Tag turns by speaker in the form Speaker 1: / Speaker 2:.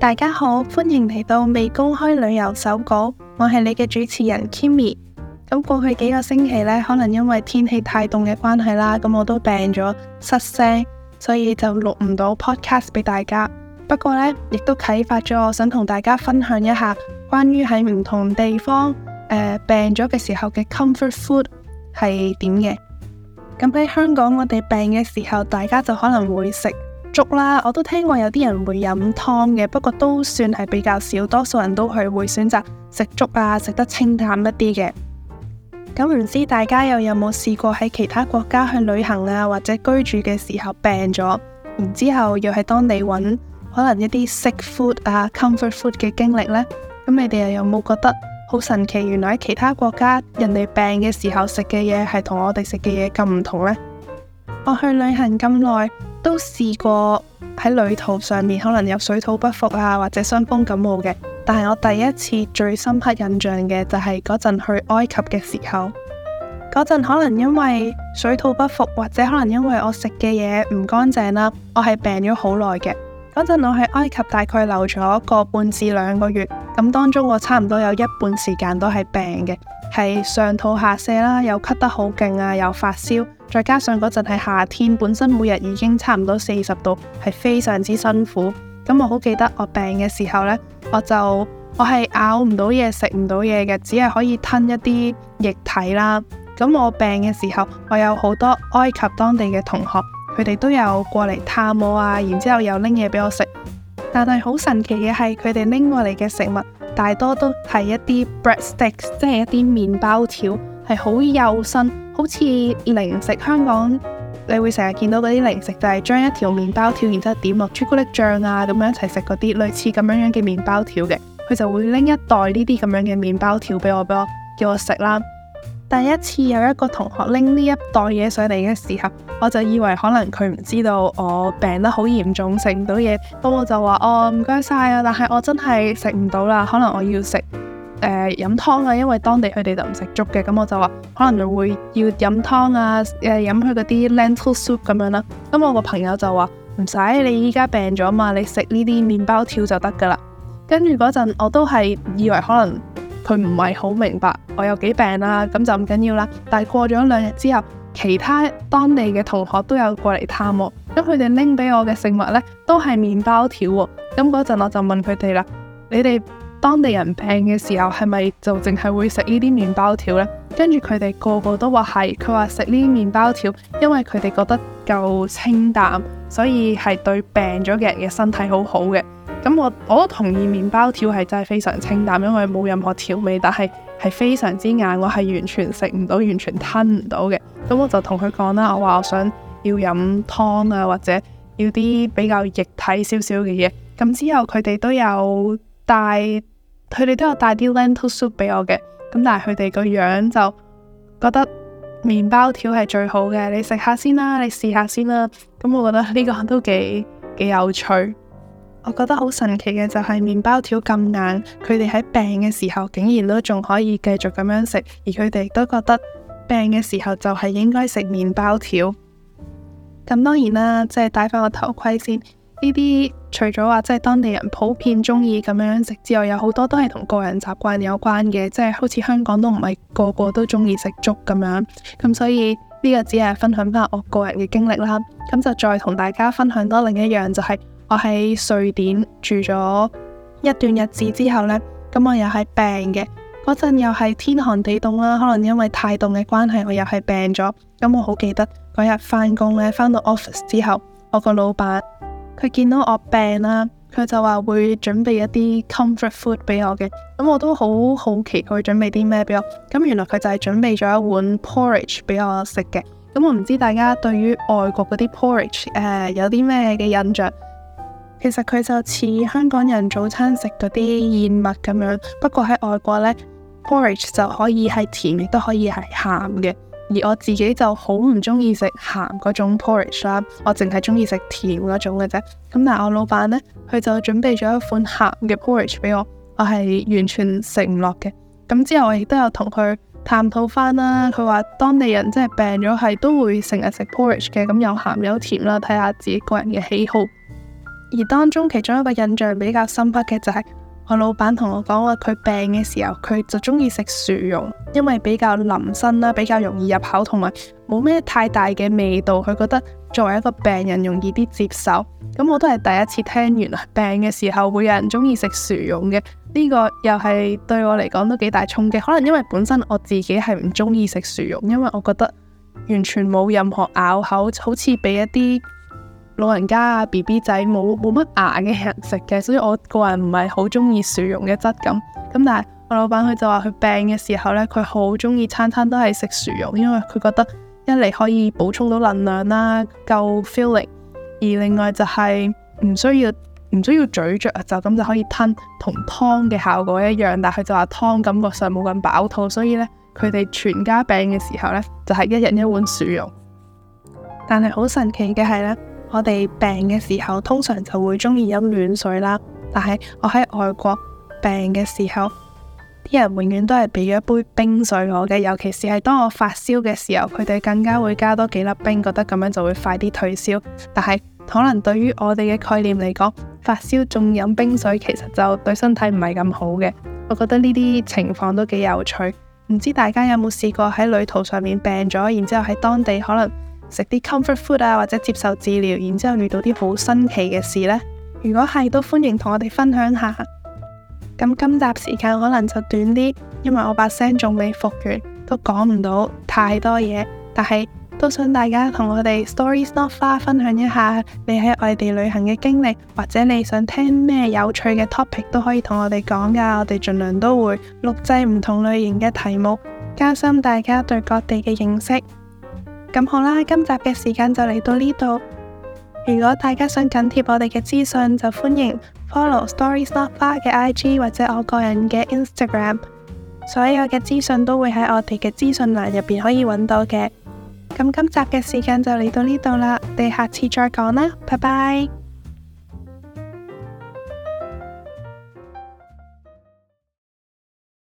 Speaker 1: 大家好，歡迎嚟到未公開旅遊手稿，我係你嘅主持人 Kimmy。咁過去幾個星期呢，可能因為天氣太凍嘅關係啦，咁我都病咗，失聲，所以就錄唔到 podcast 俾大家。不過呢，亦都啟發咗我想同大家分享一下關於喺唔同地方誒、呃、病咗嘅時候嘅 comfort food 係點嘅。咁喺香港，我哋病嘅時候，大家就可能會食。粥啦，我都聽過有啲人會飲湯嘅，不過都算係比較少，多數人都係會，會選擇食粥啊，食得清淡一啲嘅。咁唔知大家又有冇試過喺其他國家去旅行啊，或者居住嘅時候病咗，然之後又喺當地揾可能一啲 sick food 啊 comfort food 嘅經歷呢？咁你哋又有冇覺得好神奇？原來喺其他國家人哋病嘅時候食嘅嘢係同我哋食嘅嘢咁唔同呢？我去旅行咁耐，都試過喺旅途上面可能有水土不服啊，或者傷風感冒嘅。但係我第一次最深刻印象嘅就係嗰陣去埃及嘅時候，嗰陣可能因為水土不服，或者可能因為我食嘅嘢唔乾淨啦，我係病咗好耐嘅。嗰陣我喺埃及大概留咗個半至兩個月，咁當中我差唔多有一半時間都係病嘅。係上吐下瀉啦，又咳得好勁啊，又發燒，再加上嗰陣係夏天，本身每日已經差唔多四十度，係非常之辛苦。咁我好記得我病嘅時候呢，我就我係咬唔到嘢，食唔到嘢嘅，只係可以吞一啲液體啦。咁我病嘅時候，我有好多埃及當地嘅同學，佢哋都有過嚟探我啊，然之後又拎嘢俾我食。但係好神奇嘅係，佢哋拎過嚟嘅食物大多都係一啲 breadsticks，即係一啲麵包條，係好幼身，好似零食。香港你會成日見到嗰啲零食就係將一條麵包條，然之後點落朱古力醬啊咁樣一齊食嗰啲類似咁樣樣嘅麵包條嘅，佢就會拎一袋呢啲咁樣嘅麵包條俾我，俾我，叫我食啦。第一次有一個同學拎呢一袋嘢上嚟嘅時候，我就以為可能佢唔知道我病得好嚴重，食唔到嘢。咁我就話：哦，唔該晒啊！但係我真係食唔到啦，可能我要食誒、呃、飲湯啊，因為當地佢哋就唔食粥嘅。咁我就話：可能就會要飲湯啊，誒、啊、飲佢嗰啲 lentil soup 咁樣啦。咁我個朋友就話：唔使，你依家病咗嘛，你食呢啲麵包條就得噶啦。跟住嗰陣我都係以為可能。佢唔係好明白我有幾病啦，咁就唔緊要啦。但係過咗兩日之後，其他當地嘅同學都有過嚟探我，咁佢哋拎俾我嘅食物呢，都係麵包條喎。咁嗰陣我就問佢哋啦：「你哋當地人病嘅時候係咪就淨係會食呢啲麵包條呢？」跟住佢哋個個都話係，佢話食呢啲麵包條，因為佢哋覺得夠清淡，所以係對病咗嘅人嘅身體好好嘅。咁我我都同意麵包條係真係非常清淡，因為冇任何調味，但係係非常之硬，我係完全食唔到，完全吞唔到嘅。咁我就同佢講啦，我話我想要飲湯啊，或者要啲比較液體少少嘅嘢。咁之後佢哋都有帶，佢哋都有帶啲 lentil soup 俾我嘅。咁但係佢哋個樣就覺得麵包條係最好嘅，你食下先啦，你試下先啦。咁我覺得呢個都幾幾有趣。我覺得好神奇嘅就係麵包條咁硬，佢哋喺病嘅時候竟然都仲可以繼續咁樣食，而佢哋都覺得病嘅時候就係應該食麵包條。咁當然啦，即係戴翻個頭盔先。呢啲除咗話即係當地人普遍中意咁樣食之外，有好多都係同個人習慣有關嘅，即係好似香港都唔係個個都中意食粥咁樣。咁所以呢個只係分享翻我個人嘅經歷啦。咁就再同大家分享多另一樣就係。我喺瑞典住咗一段日子之後呢，咁我又係病嘅嗰陣，又係天寒地凍啦。可能因為太凍嘅關係，我又係病咗。咁我好記得嗰日翻工呢，翻到 office 之後，我個老闆佢見到我病啦，佢就話會準備一啲 comfort food 俾我嘅。咁我都好好奇佢準備啲咩俾我。咁原來佢就係準備咗一碗 porridge 俾我食嘅。咁我唔知大家對於外國嗰啲 porridge 誒、uh, 有啲咩嘅印象？其實佢就似香港人早餐食嗰啲燕麥咁樣，不過喺外國呢，porridge 就可以係甜，亦都可以係鹹嘅。而我自己就好唔中意食鹹嗰種 porridge 啦，我淨係中意食甜嗰種嘅啫。咁但係我老闆呢，佢就準備咗一款鹹嘅 porridge 俾我，我係完全食唔落嘅。咁之後我亦都有同佢探討翻啦，佢話當地人即係病咗係都會成日食 porridge 嘅，咁有鹹有甜啦，睇下自己個人嘅喜好。而當中其中一個印象比較深刻嘅就係我老闆同我講話佢病嘅時候佢就中意食薯蓉，因為比較腍身啦，比較容易入口，同埋冇咩太大嘅味道，佢覺得作為一個病人容易啲接受。咁我都係第一次聽完病嘅時候會有人中意食薯蓉嘅，呢個又係對我嚟講都幾大衝擊。可能因為本身我自己係唔中意食薯蓉，因為我覺得完全冇任何咬口，好似俾一啲。老人家啊，B B 仔、冇冇乜牙嘅人食嘅，所以我個人唔係好中意薯蓉嘅質感。咁但係我老闆佢就話佢病嘅時候呢，佢好中意餐餐都係食薯蓉，因為佢覺得一嚟可以補充到能量啦，夠 feeling，而另外就係唔需要唔需要咀嚼，就咁就可以吞，同湯嘅效果一樣。但係佢就話湯感覺上冇咁飽肚，所以呢，佢哋全家病嘅時候呢，就係一人一碗薯蓉。但係好神奇嘅係呢。我哋病嘅時候通常就會中意飲暖水啦，但係我喺外國病嘅時候，啲人永遠都係俾咗一杯冰水我嘅，尤其是係當我發燒嘅時候，佢哋更加會加多幾粒冰，覺得咁樣就會快啲退燒。但係可能對於我哋嘅概念嚟講，發燒仲飲冰水其實就對身體唔係咁好嘅。我覺得呢啲情況都幾有趣，唔知大家有冇試過喺旅途上面病咗，然之後喺當地可能？食啲 comfort food 啊，或者接受治療，然之後遇到啲好新奇嘅事呢。如果係，都歡迎同我哋分享下。咁今集時間可能就短啲，因為我把聲仲未復原，都講唔到太多嘢。但係都想大家同我哋 Stories Not Far 分享一下你喺外地旅行嘅經歷，或者你想聽咩有趣嘅 topic 都可以同我哋講噶。我哋盡量都會錄製唔同類型嘅題目，加深大家對各地嘅認識。咁好啦，今集嘅時間就嚟到呢度。如果大家想緊貼我哋嘅資訊，就歡迎 follow Stories Not Far 嘅 IG 或者我個人嘅 Instagram。所有嘅資訊都會喺我哋嘅資訊欄入邊可以揾到嘅。咁今集嘅時間就嚟到呢度啦，我哋下次再講啦，拜拜。